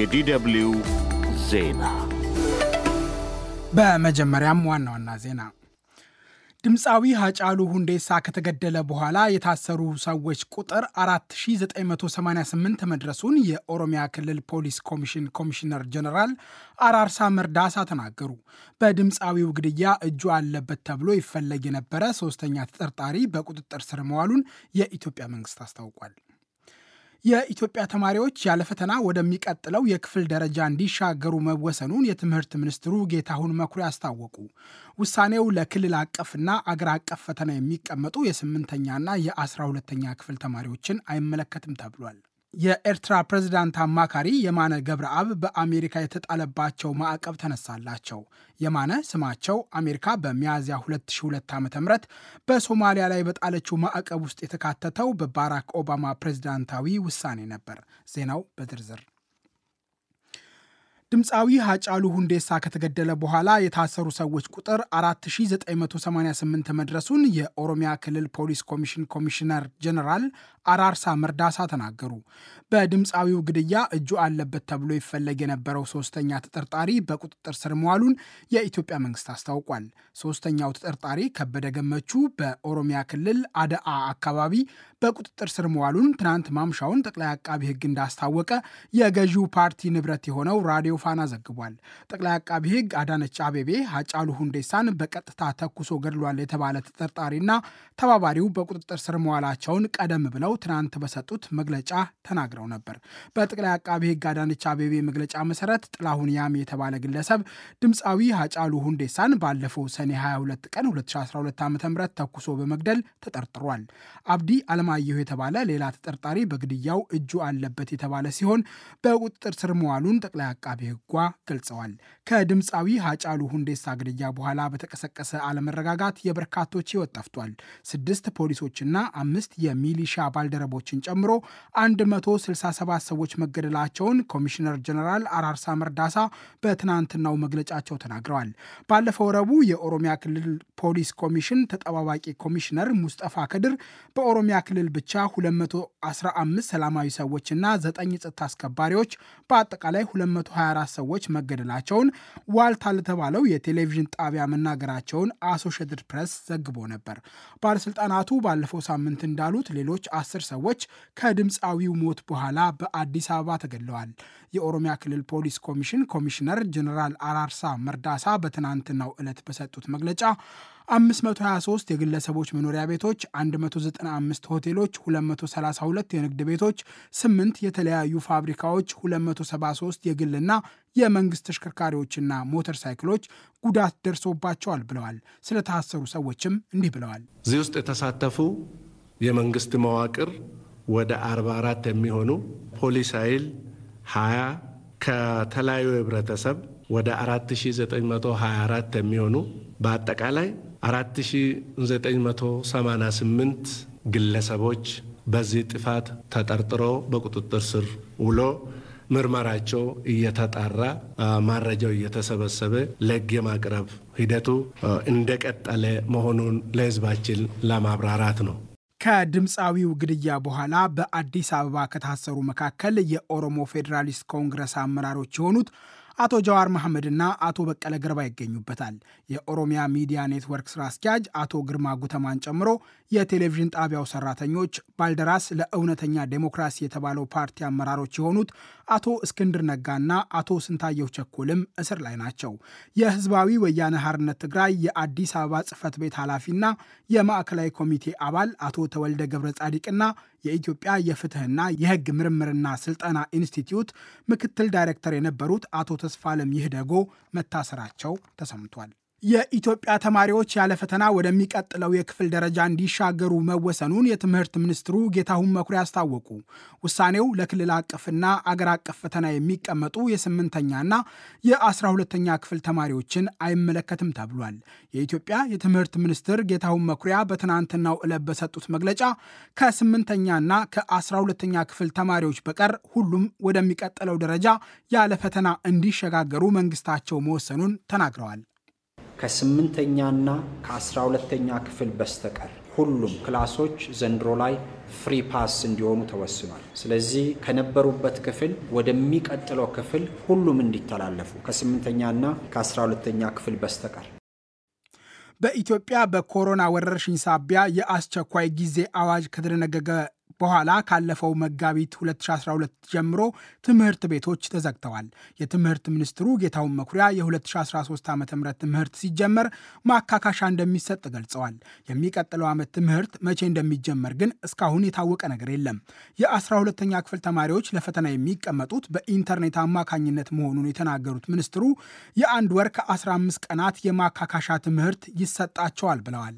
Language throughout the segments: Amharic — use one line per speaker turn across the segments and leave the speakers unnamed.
የዲደብልዩ ዜና
በመጀመሪያም ዋና ዋና ዜና። ድምፃዊ ሀጫሉ ሁንዴሳ ከተገደለ በኋላ የታሰሩ ሰዎች ቁጥር 4988 መድረሱን የኦሮሚያ ክልል ፖሊስ ኮሚሽን ኮሚሽነር ጀነራል አራርሳ መርዳሳ ተናገሩ። በድምፃዊው ግድያ እጁ አለበት ተብሎ ይፈለግ የነበረ ሶስተኛ ተጠርጣሪ በቁጥጥር ስር መዋሉን የኢትዮጵያ መንግስት አስታውቋል። የኢትዮጵያ ተማሪዎች ያለ ፈተና ወደሚቀጥለው የክፍል ደረጃ እንዲሻገሩ መወሰኑን የትምህርት ሚኒስትሩ ጌታሁን መኩሪያ አስታወቁ። ውሳኔው ለክልል አቀፍና አገር አቀፍ ፈተና የሚቀመጡ የስምንተኛና የአስራ ሁለተኛ ክፍል ተማሪዎችን አይመለከትም ተብሏል። የኤርትራ ፕሬዝዳንት አማካሪ የማነ ገብረአብ በአሜሪካ የተጣለባቸው ማዕቀብ ተነሳላቸው። የማነ ስማቸው አሜሪካ በሚያዝያ 2002 ዓ ም በሶማሊያ ላይ በጣለችው ማዕቀብ ውስጥ የተካተተው በባራክ ኦባማ ፕሬዝዳንታዊ ውሳኔ ነበር። ዜናው በዝርዝር ድምፃዊ ሀጫሉ ሁንዴሳ ከተገደለ በኋላ የታሰሩ ሰዎች ቁጥር 4988 መድረሱን የኦሮሚያ ክልል ፖሊስ ኮሚሽን ኮሚሽነር ጀነራል አራርሳ መርዳሳ ተናገሩ። በድምፃዊው ግድያ እጁ አለበት ተብሎ ይፈለግ የነበረው ሶስተኛ ተጠርጣሪ በቁጥጥር ስር መዋሉን የኢትዮጵያ መንግስት አስታውቋል። ሶስተኛው ተጠርጣሪ ከበደ ገመቹ በኦሮሚያ ክልል አደአ አካባቢ በቁጥጥር ስር መዋሉን ትናንት ማምሻውን ጠቅላይ አቃቢ ሕግ እንዳስታወቀ የገዢው ፓርቲ ንብረት የሆነው ራዲዮ ፋና ዘግቧል። ጠቅላይ አቃቢ ሕግ አዳነች አቤቤ ሀጫሉ ሁንዴሳን በቀጥታ ተኩሶ ገድሏል የተባለ ተጠርጣሪና ተባባሪው በቁጥጥር ስር መዋላቸውን ቀደም ብለው ትናንት በሰጡት መግለጫ ተናግረው ነበር። በጠቅላይ አቃቢ ሕግ አዳነች አቤቤ መግለጫ መሰረት ጥላሁን ያም የተባለ ግለሰብ ድምፃዊ ሀጫሉ ሁንዴሳን ባለፈው ሰኔ 22 ቀን 2012 ዓ ም ተኩሶ በመግደል ተጠርጥሯል። አብዲ አለማ አለማየሁ የተባለ ሌላ ተጠርጣሪ በግድያው እጁ አለበት የተባለ ሲሆን በቁጥጥር ስር መዋሉን ጠቅላይ አቃቤ ሕጓ ገልጸዋል። ከድምፃዊ ሀጫሉ ሁንዴሳ ግድያ በኋላ በተቀሰቀሰ አለመረጋጋት የበርካቶች ሕይወት ጠፍቷል። ስድስት ፖሊሶችና አምስት የሚሊሻ ባልደረቦችን ጨምሮ 167 ሰዎች መገደላቸውን ኮሚሽነር ጀነራል አራርሳ መርዳሳ በትናንትናው መግለጫቸው ተናግረዋል። ባለፈው ረቡዕ የኦሮሚያ ክልል ፖሊስ ኮሚሽን ተጠባባቂ ኮሚሽነር ሙስጠፋ ከድር በኦሮሚያ ክልል ክልል ብቻ 215 ሰላማዊ ሰዎችና 9 ጸጥታ አስከባሪዎች በአጠቃላይ 224 ሰዎች መገደላቸውን ዋልታ ለተባለው የቴሌቪዥን ጣቢያ መናገራቸውን አሶሼትድ ፕሬስ ዘግቦ ነበር። ባለሥልጣናቱ ባለፈው ሳምንት እንዳሉት ሌሎች አስር ሰዎች ከድምፃዊው ሞት በኋላ በአዲስ አበባ ተገድለዋል። የኦሮሚያ ክልል ፖሊስ ኮሚሽን ኮሚሽነር ጀኔራል አራርሳ መርዳሳ በትናንትናው ዕለት በሰጡት መግለጫ 523 የግለሰቦች መኖሪያ ቤቶች፣ 195 ሆቴሎች፣ 232 የንግድ ቤቶች፣ 8 የተለያዩ ፋብሪካዎች፣ 273 የግልና የመንግስት ተሽከርካሪዎችና ሞተር ሳይክሎች ጉዳት ደርሶባቸዋል ብለዋል። ስለታሰሩ ሰዎችም እንዲህ ብለዋል።
እዚህ ውስጥ የተሳተፉ የመንግስት መዋቅር ወደ 44 የሚሆኑ ፖሊስ ኃይል 20 ከተለያዩ ህብረተሰብ ወደ 4924 የሚሆኑ በአጠቃላይ 4988 ግለሰቦች በዚህ ጥፋት ተጠርጥሮ በቁጥጥር ስር ውሎ ምርመራቸው እየተጣራ ማረጃው እየተሰበሰበ ለሕግ የማቅረብ ሂደቱ እንደቀጠለ መሆኑን ለሕዝባችን ለማብራራት ነው።
ከድምፃዊው ግድያ በኋላ በአዲስ አበባ ከታሰሩ መካከል የኦሮሞ ፌዴራሊስት ኮንግረስ አመራሮች የሆኑት አቶ ጀዋር መሐመድና አቶ በቀለ ገርባ ይገኙበታል። የኦሮሚያ ሚዲያ ኔትወርክ ስራ አስኪያጅ አቶ ግርማ ጉተማን ጨምሮ የቴሌቪዥን ጣቢያው ሰራተኞች ባልደራስ ለእውነተኛ ዴሞክራሲ የተባለው ፓርቲ አመራሮች የሆኑት አቶ እስክንድር ነጋና አቶ ስንታየሁ ቸኮልም እስር ላይ ናቸው። የህዝባዊ ወያነ ሐርነት ትግራይ የአዲስ አበባ ጽህፈት ቤት ኃላፊና የማዕከላዊ ኮሚቴ አባል አቶ ተወልደ ገብረ ጻዲቅና የኢትዮጵያ የፍትህና የህግ ምርምርና ስልጠና ኢንስቲትዩት ምክትል ዳይሬክተር የነበሩት አቶ ተስፋለም ይህደጎ መታሰራቸው ተሰምቷል። የኢትዮጵያ ተማሪዎች ያለ ፈተና ወደሚቀጥለው የክፍል ደረጃ እንዲሻገሩ መወሰኑን የትምህርት ሚኒስትሩ ጌታሁን መኩሪያ አስታወቁ። ውሳኔው ለክልል አቀፍና አገር አቀፍ ፈተና የሚቀመጡ የስምንተኛና የአስራ ሁለተኛ ክፍል ተማሪዎችን አይመለከትም ተብሏል። የኢትዮጵያ የትምህርት ሚኒስትር ጌታሁን መኩሪያ በትናንትናው ዕለት በሰጡት መግለጫ ከስምንተኛና ከአስራ ሁለተኛ ክፍል ተማሪዎች በቀር ሁሉም ወደሚቀጥለው ደረጃ ያለ ፈተና እንዲሸጋገሩ መንግስታቸው መወሰኑን ተናግረዋል።
ከስምንተኛና ከአስራ ሁለተኛ ክፍል በስተቀር ሁሉም ክላሶች ዘንድሮ ላይ ፍሪ ፓስ እንዲሆኑ ተወስኗል። ስለዚህ ከነበሩበት ክፍል ወደሚቀጥለው ክፍል ሁሉም እንዲተላለፉ ከስምንተኛና ከአስራ ሁለተኛ ክፍል በስተቀር። በኢትዮጵያ
በኮሮና ወረርሽኝ ሳቢያ የአስቸኳይ ጊዜ አዋጅ ከተደነገገ በኋላ ካለፈው መጋቢት 2012 ጀምሮ ትምህርት ቤቶች ተዘግተዋል። የትምህርት ሚኒስትሩ ጌታሁን መኩሪያ የ2013 ዓ ም ትምህርት ሲጀመር ማካካሻ እንደሚሰጥ ገልጸዋል። የሚቀጥለው ዓመት ትምህርት መቼ እንደሚጀመር ግን እስካሁን የታወቀ ነገር የለም። የ12ተኛ ክፍል ተማሪዎች ለፈተና የሚቀመጡት በኢንተርኔት አማካኝነት መሆኑን የተናገሩት ሚኒስትሩ የአንድ ወር ከ15 ቀናት የማካካሻ ትምህርት ይሰጣቸዋል ብለዋል።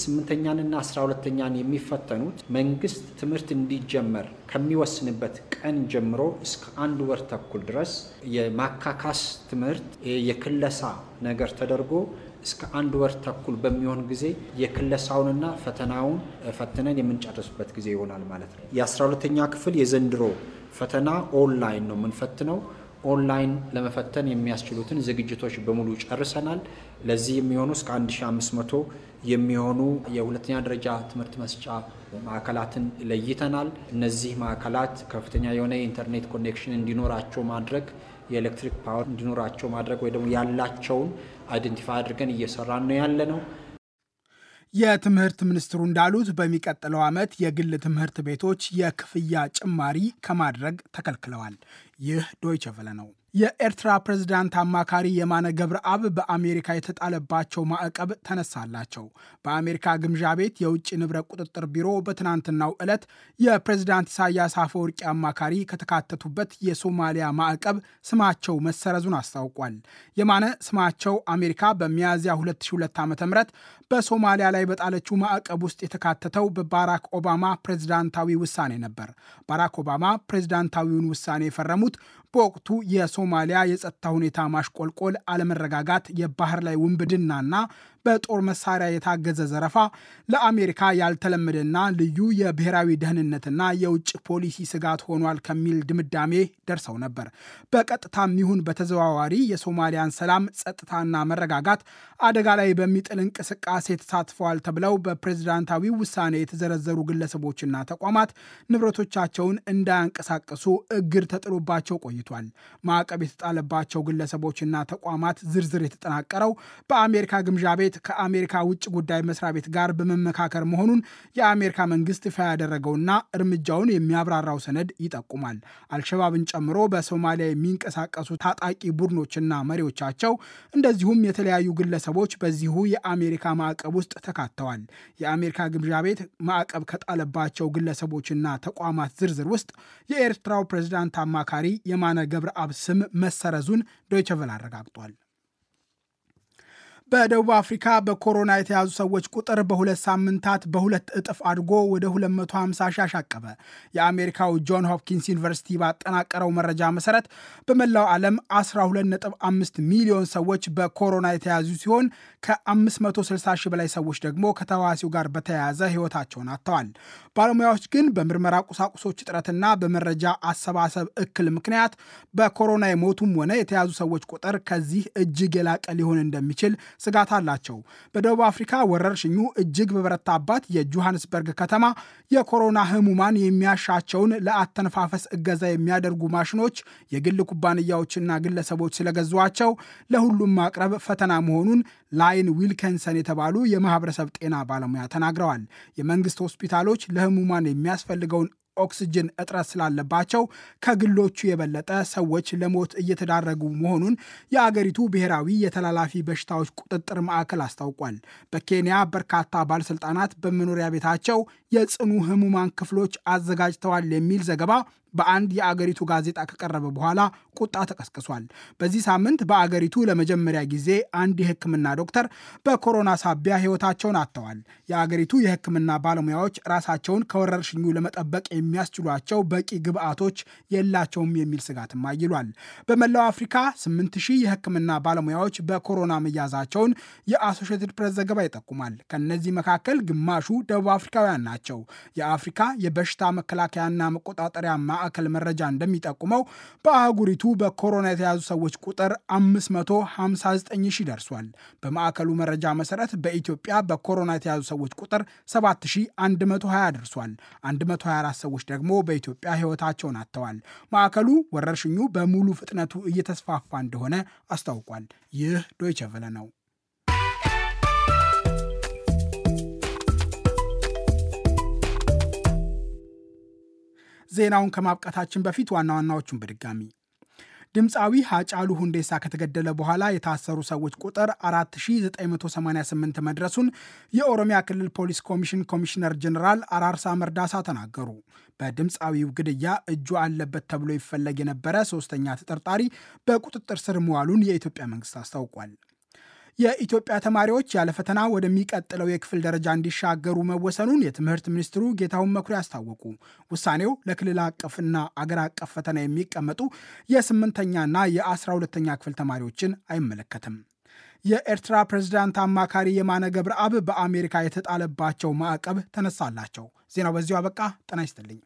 ስምንተኛንና አስራ ሁለተኛን የሚፈተኑት መንግስት ትምህርት እንዲጀመር ከሚወስንበት ቀን ጀምሮ እስከ አንድ ወር ተኩል ድረስ የማካካስ ትምህርት የክለሳ ነገር ተደርጎ እስከ አንድ ወር ተኩል በሚሆን ጊዜ የክለሳውንና ፈተናውን ፈትነን የምንጨርስበት ጊዜ ይሆናል ማለት ነው። የአስራ ሁለተኛ ክፍል የዘንድሮ ፈተና ኦንላይን ነው የምንፈትነው። ኦንላይን ለመፈተን የሚያስችሉትን ዝግጅቶች በሙሉ ጨርሰናል። ለዚህ የሚሆኑ እስከ 1500 የሚሆኑ የሁለተኛ ደረጃ ትምህርት መስጫ ማዕከላትን ለይተናል። እነዚህ ማዕከላት ከፍተኛ የሆነ የኢንተርኔት ኮኔክሽን እንዲኖራቸው ማድረግ፣ የኤሌክትሪክ ፓወር እንዲኖራቸው ማድረግ ወይ ደግሞ ያላቸውን አይደንቲፋይ አድርገን እየሰራን ነው ያለ ነው።
የትምህርት ሚኒስትሩ እንዳሉት በሚቀጥለው ዓመት የግል ትምህርት ቤቶች የክፍያ ጭማሪ ከማድረግ ተከልክለዋል። ይህ ዶይቸ ቨለ ነው። የኤርትራ ፕሬዝዳንት አማካሪ የማነ ገብረአብ በአሜሪካ የተጣለባቸው ማዕቀብ ተነሳላቸው። በአሜሪካ ግምዣ ቤት የውጭ ንብረት ቁጥጥር ቢሮ በትናንትናው ዕለት የፕሬዝዳንት ኢሳያስ አፈወርቂ አማካሪ ከተካተቱበት የሶማሊያ ማዕቀብ ስማቸው መሰረዙን አስታውቋል። የማነ ስማቸው አሜሪካ በሚያዝያ 2002 ዓ ም በሶማሊያ ላይ በጣለችው ማዕቀብ ውስጥ የተካተተው በባራክ ኦባማ ፕሬዝዳንታዊ ውሳኔ ነበር። ባራክ ኦባማ ፕሬዝዳንታዊውን ውሳኔ የፈረሙት gut በወቅቱ የሶማሊያ የጸጥታ ሁኔታ ማሽቆልቆል፣ አለመረጋጋት፣ የባህር ላይ ውንብድናና በጦር መሳሪያ የታገዘ ዘረፋ ለአሜሪካ ያልተለመደና ልዩ የብሔራዊ ደህንነትና የውጭ ፖሊሲ ስጋት ሆኗል ከሚል ድምዳሜ ደርሰው ነበር። በቀጥታም ይሁን በተዘዋዋሪ የሶማሊያን ሰላም ጸጥታና መረጋጋት አደጋ ላይ በሚጥል እንቅስቃሴ ተሳትፈዋል ተብለው በፕሬዝዳንታዊ ውሳኔ የተዘረዘሩ ግለሰቦችና ተቋማት ንብረቶቻቸውን እንዳያንቀሳቀሱ እግድ ተጥሎባቸው ቆይቷል። አመልክቷል። ማዕቀብ የተጣለባቸው ግለሰቦችና ተቋማት ዝርዝር የተጠናቀረው በአሜሪካ ግምዣ ቤት ከአሜሪካ ውጭ ጉዳይ መስሪያ ቤት ጋር በመመካከር መሆኑን የአሜሪካ መንግስት ይፋ ያደረገውና እርምጃውን የሚያብራራው ሰነድ ይጠቁማል። አልሸባብን ጨምሮ በሶማሊያ የሚንቀሳቀሱ ታጣቂ ቡድኖችና መሪዎቻቸው እንደዚሁም የተለያዩ ግለሰቦች በዚሁ የአሜሪካ ማዕቀብ ውስጥ ተካተዋል። የአሜሪካ ግምዣ ቤት ማዕቀብ ከጣለባቸው ግለሰቦችና ተቋማት ዝርዝር ውስጥ የኤርትራው ፕሬዝዳንት አማካሪ የማ የየማነ ገብረአብ ስም መሰረዙን ዶይቸቨል አረጋግጧል። በደቡብ አፍሪካ በኮሮና የተያዙ ሰዎች ቁጥር በሁለት ሳምንታት በሁለት እጥፍ አድጎ ወደ 250 ሺህ አሻቀበ። የአሜሪካው ጆን ሆፕኪንስ ዩኒቨርሲቲ ባጠናቀረው መረጃ መሰረት በመላው ዓለም 12.5 ሚሊዮን ሰዎች በኮሮና የተያዙ ሲሆን ከ560 ሺህ በላይ ሰዎች ደግሞ ከተዋሲው ጋር በተያያዘ ሕይወታቸውን አጥተዋል። ባለሙያዎች ግን በምርመራ ቁሳቁሶች እጥረትና በመረጃ አሰባሰብ እክል ምክንያት በኮሮና የሞቱም ሆነ የተያዙ ሰዎች ቁጥር ከዚህ እጅግ የላቀ ሊሆን እንደሚችል ስጋት አላቸው። በደቡብ አፍሪካ ወረርሽኙ እጅግ በበረታባት የጆሃንስበርግ ከተማ የኮሮና ህሙማን የሚያሻቸውን ለአተነፋፈስ እገዛ የሚያደርጉ ማሽኖች የግል ኩባንያዎችና ግለሰቦች ስለገዟቸው ለሁሉም ማቅረብ ፈተና መሆኑን ላይን ዊልከንሰን የተባሉ የማህበረሰብ ጤና ባለሙያ ተናግረዋል። የመንግስት ሆስፒታሎች ለህሙማን የሚያስፈልገውን ኦክስጅን እጥረት ስላለባቸው ከግሎቹ የበለጠ ሰዎች ለሞት እየተዳረጉ መሆኑን የአገሪቱ ብሔራዊ የተላላፊ በሽታዎች ቁጥጥር ማዕከል አስታውቋል። በኬንያ በርካታ ባለስልጣናት በመኖሪያ ቤታቸው የጽኑ ህሙማን ክፍሎች አዘጋጅተዋል የሚል ዘገባ በአንድ የአገሪቱ ጋዜጣ ከቀረበ በኋላ ቁጣ ተቀስቅሷል። በዚህ ሳምንት በአገሪቱ ለመጀመሪያ ጊዜ አንድ የሕክምና ዶክተር በኮሮና ሳቢያ ሕይወታቸውን አጥተዋል። የአገሪቱ የሕክምና ባለሙያዎች ራሳቸውን ከወረርሽኙ ለመጠበቅ የሚያስችሏቸው በቂ ግብአቶች የላቸውም የሚል ስጋትም አይሏል። በመላው አፍሪካ 8 ሺህ የሕክምና ባለሙያዎች በኮሮና መያዛቸውን የአሶሽትድ ፕሬስ ዘገባ ይጠቁማል። ከእነዚህ መካከል ግማሹ ደቡብ አፍሪካውያን ናቸው። የአፍሪካ የበሽታ መከላከያና መቆጣጠሪያ ማ። ማዕከል መረጃ እንደሚጠቁመው በአህጉሪቱ በኮሮና የተያዙ ሰዎች ቁጥር 559 ሺህ ደርሷል። በማዕከሉ መረጃ መሰረት በኢትዮጵያ በኮሮና የተያዙ ሰዎች ቁጥር 7120 ደርሷል። 124 ሰዎች ደግሞ በኢትዮጵያ ሕይወታቸውን አጥተዋል። ማዕከሉ ወረርሽኙ በሙሉ ፍጥነቱ እየተስፋፋ እንደሆነ አስታውቋል። ይህ ዶይቸ ቬለ ነው። ዜናውን ከማብቃታችን በፊት ዋና ዋናዎቹን በድጋሚ ድምፃዊ ሀጫሉ ሁንዴሳ ከተገደለ በኋላ የታሰሩ ሰዎች ቁጥር 4988 መድረሱን የኦሮሚያ ክልል ፖሊስ ኮሚሽን ኮሚሽነር ጀኔራል አራርሳ መርዳሳ ተናገሩ። በድምፃዊው ግድያ እጁ አለበት ተብሎ ይፈለግ የነበረ ሶስተኛ ተጠርጣሪ በቁጥጥር ስር መዋሉን የኢትዮጵያ መንግስት አስታውቋል። የኢትዮጵያ ተማሪዎች ያለ ፈተና ወደሚቀጥለው የክፍል ደረጃ እንዲሻገሩ መወሰኑን የትምህርት ሚኒስትሩ ጌታሁን መኩሪያ አስታወቁ። ውሳኔው ለክልል አቀፍና አገር አቀፍ ፈተና የሚቀመጡ የስምንተኛና የአስራ ሁለተኛ ክፍል ተማሪዎችን አይመለከትም። የኤርትራ ፕሬዝዳንት አማካሪ የማነ ገብረአብ በአሜሪካ የተጣለባቸው ማዕቀብ ተነሳላቸው። ዜናው በዚሁ አበቃ። ጤና ይስጥልኝ።